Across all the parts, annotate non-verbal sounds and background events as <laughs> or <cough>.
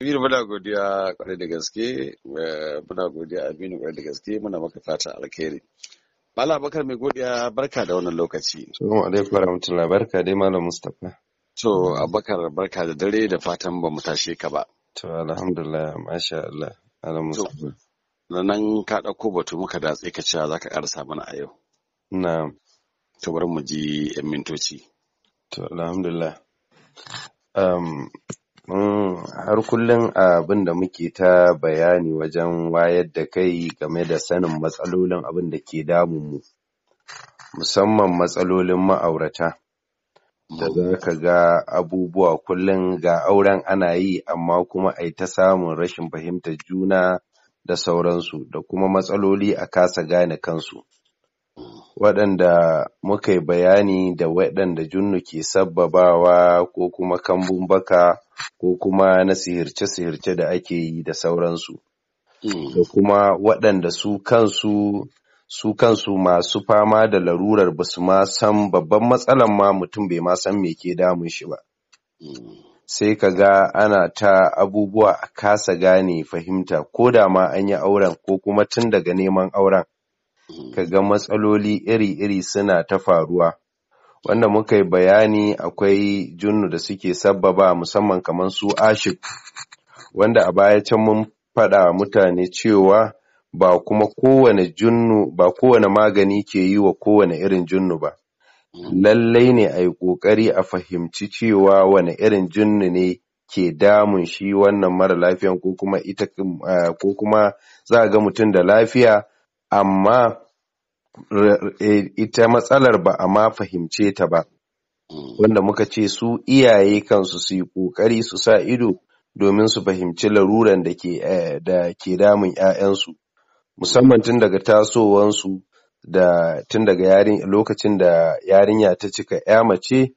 Aminu muna godiya kwarai da gaske, eh, muna godiya Aminu kwarai da gaske muna maka fata alkhairi. Bala Bakar mai godiya barka da wannan lokaci. Assalamu alaikum warahmatullahi barka dai Malam Mustapha. To Abubakar barka da dare da fatan ba mu tashe ka ba. To alhamdulillah masha Allah Malam Mustapha. Na nan ka ɗauko batu muka datse ka cewa zaka karasa mana a yau. Na'am. To bari mu ji 'yan mintoci. To alhamdulillah. har kullum abin da muke ta bayani wajen wayar da kai game da sanin matsalolin abin da ke damun mu musamman matsalolin ma'aurata da za ka ga abubuwa kullum ga auren ana yi amma kuma ai ta samun rashin fahimtar juna da sauransu da kuma matsaloli a kasa gane kansu waɗanda muka yi bayani da waɗanda junnu ke sabbabawa ko kuma kambun baka ko kuma na sihirce-sihirce da ake yi da sauransu. Hmm. Da kuma waɗanda su kansu su kansu masu fama da larurar ba su ma san babban matsalan ma mutum bai ma san me ke damun shi ba. Hmm. Sai ka ga ana ta abubuwa a kasa gane fahimta ko da ma an yi auren ko kuma tun daga neman auren. Ka ga matsaloli iri-iri suna ta faruwa wanda muka yi bayani akwai junnu da suke sabbaba musamman kamar su ashik wanda a baya can mun faɗa mutane cewa ba kuma kowane junnu ba kowane magani ke yi wa kowane irin junnu ba lallai ne a yi ƙoƙari a fahimci cewa wane irin junnu ne ke damun shi wannan mara lafiyan ko kuma ita eh, ko za ga mutum da lafiya amma ita matsalar ba a ma fahimce ta ba hmm. wanda muka ce su iyaye kansu su yi ƙoƙari su sa ido domin su fahimci laruran da ke eh, da ke damun 'ya'yansu musamman tun daga tasowansu da tun daga lokacin da yarinya ta cika 'ya mace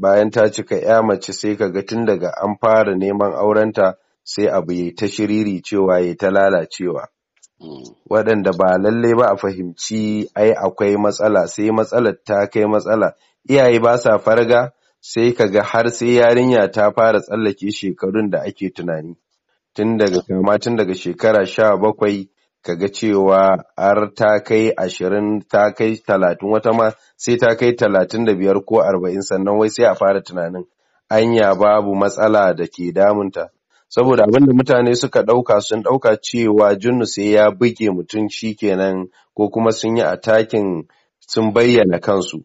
bayan ta cika 'ya mace sai ka ga tun daga an fara neman aurenta sai abu ya ta shiriri cewa ya ta lalacewa waɗanda ba lalle ba a fahimci ai akwai matsala sai matsalar ta kai matsala iyaye ba sa farga sai kaga har sai yarinya ta fara tsallake shekarun da ake tunani tun daga kama tun daga shekara sha bakwai kaga cewa har ta kai ashirin ta kai talatin wata ma sai ta kai talatin da biyar ko arba'in sannan wai sai a fara tunanin anya babu matsala da ke damunta saboda abinda mutane suka ɗauka sun ɗauka cewa junnu sai ya buge mutum shikenan ko kuma sun yi atakin sun bayyana kansu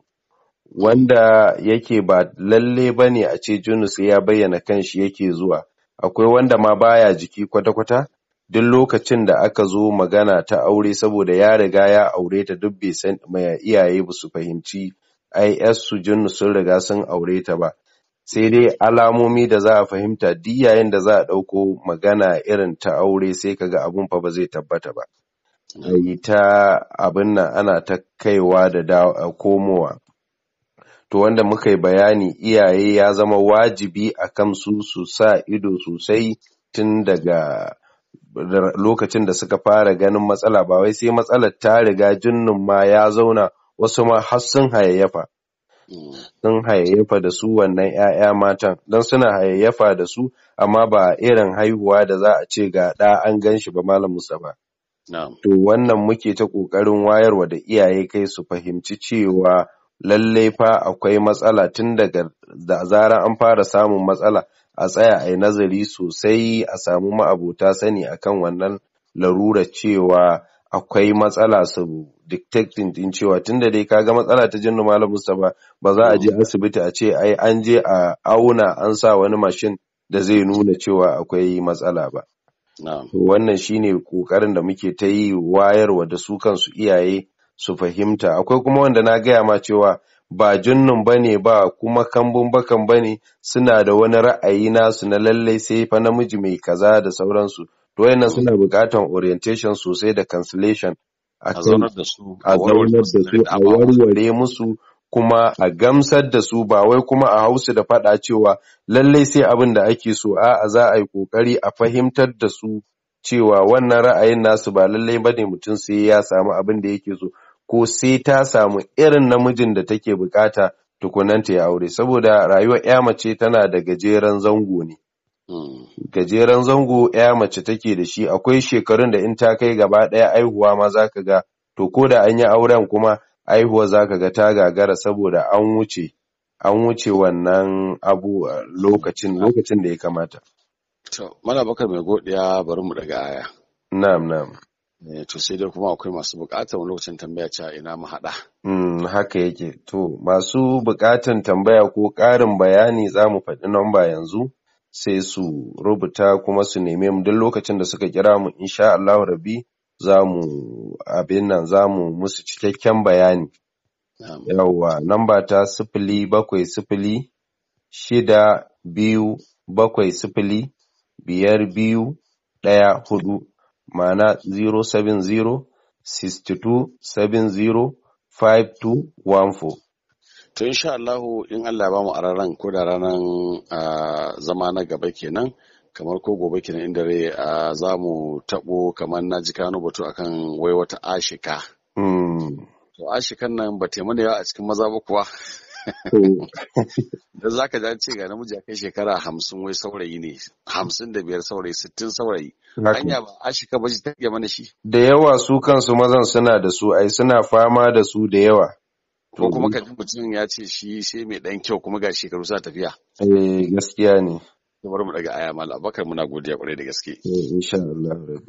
wanda yake ba lalle ba ne a ce junnu sai ya bayyana kanshi yake zuwa akwai wanda ma baya jiki kwata-kwata duk lokacin da aka zo magana ta aure saboda ya riga ya aure ta duk bai san iyaye ba su fahimci ai su junnu sun riga sun aure ta ba sai dai alamomi da za a fahimta duk yayin da za a ɗauko magana irin ta aure sai kaga abun fa ba zai tabbata ba ai ta abin nan ana ta kaiwa da komowa to wanda muka yi bayani iyaye ya zama wajibi a kansu su sa ido sosai tun daga lokacin da suka fara ganin matsala ba wai sai matsalar ta riga jinnin ma ya zauna wasu ma har sun hayayyafa sun hayayyafa da su wannan 'ya'ya matan don suna hayayyafa da su amma ba irin haihuwa da za a ce ga ɗa an gan shi ba malam Mustapha. To wannan muke ta ƙoƙarin wayarwa da iyaye kai su fahimci cewa lallai fa akwai matsala tun daga da zarar an fara samun matsala a tsaya a yi nazari sosai a samu ma'abota sani akan wannan larura cewa akwai matsala su detecting din cewa tunda dai kaga matsala ta jinnu malam Mustapha ba za a je asibiti a ce ai an je a auna an sa wani mashin da zai nuna cewa akwai matsala ba. Wannan shine kokarin da muke ta yi wayarwa da su kansu iyaye su fahimta akwai kuma wanda na gaya ma cewa ba jinnun ba ne ba kuma kambun bakan ba ne suna da wani ra'ayi nasu na lallai sai fa namiji mai kaza da sauransu wayannan suna buƙatar orientation sosai da cancellation a zaunar da su a warware musu kuma a gamsar da su ba wai kuma a hausu da faɗa cewa lallai sai abin da ake so a za a yi ƙoƙari a fahimtar da su cewa wannan ra'ayin nasu ba lallai ba ne mutum sai ya samu abin da yake so ko sai ta samu irin namijin da take bukata tukunanta ya aure saboda rayuwar ya mace tana da gajeren zango ne gajeren zango ya mace take da shi akwai shekarun da in ta kai gaba ɗaya aihuwa ma za ka ga to ko da an yi auren kuma aihuwa za ka ga ta gagara saboda an wuce an wuce wannan abu lokacin lokacin da ya kamata. To, mana baka mai godiya bari mu daga aya. Na'am na'am. Eh, to sai dai kuma akwai masu bukatar lokacin tambaya ta ina mu haɗa. Mm, haka yake to masu bukatan tambaya ko ƙarin bayani za mu faɗi namba yanzu sai su rubuta kuma su neme mu duk lokacin da suka kira mu insha Allahu rabbi za mu abin nan za mu musu cikakken bayani. Yawwa namba ta sifili bakwai sifili shida biyu bakwai sifili biyar biyu ɗaya hudu ma'ana 070 two one four. to insha Allahu in Allah ba mu araran ko da ranar zama na gaba kenan kamar ko gobe kenan inda dare za mu tabo kamar na ji kano batu akan wai wata ashika hmm. to ashikan nan ba taimu da yawa a cikin maza ba kuwa hmm. <laughs> da za ka ji ce ga namiji a kai shekara hamsin wai saurayi ne hamsin da biyar saurayi sittin saurayi hanya ba a shika ba ta mana shi da yawa su kansu mazan suna da su ai suna fama da su da yawa ko kuma eh. ka ji mutum ya ce shi sai mai dan kyau kuma ga shekaru sa tafiya eh gaskiya ne bari mu daga aya mallam abakar muna godiya kwarai da gaske eh insha Allah rabbi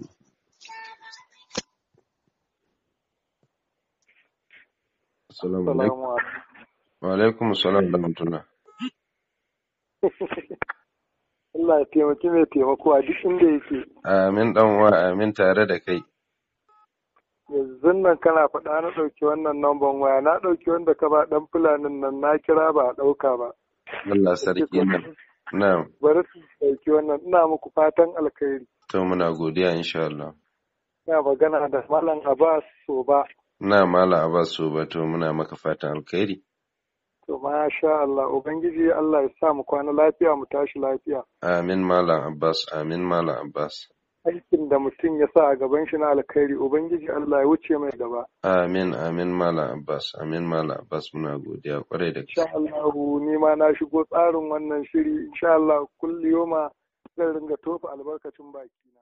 assalamu alaikum wa alaikum assalam wa rahmatullah <laughs> Allah ya taimaki mai taimako a duk inda yake amin dan wa amin tare da kai yanzu nan kana faɗa na ɗauki wannan nomban waya na ɗauki wanda ka ba ɗan fulanin nan na kira ba a ɗauka ba. Allah sarki nan. Na'am. Bari su ɗauki wannan ina muku fatan alkhairi. To muna godiya insha Allah. Ina magana da Malam Abbas Soba. Na Malam Abbas Soba to muna maka fatan alkhairi. To masha Allah Ubangiji Allah ya sa mu kwana lafiya mu tashi lafiya. Amin Malam Abbas, amin Malam Abbas. aikin da mutum ya sa a gaban shi na alkhairi ubangiji Allah ya wuce mai gaba amin amin mala abbas amin mala abbas muna godiya kwarai da insha Allah ni ma na shigo tsarin wannan shiri insha Allah kulli yoma zan ringa tofa albarkacin baki na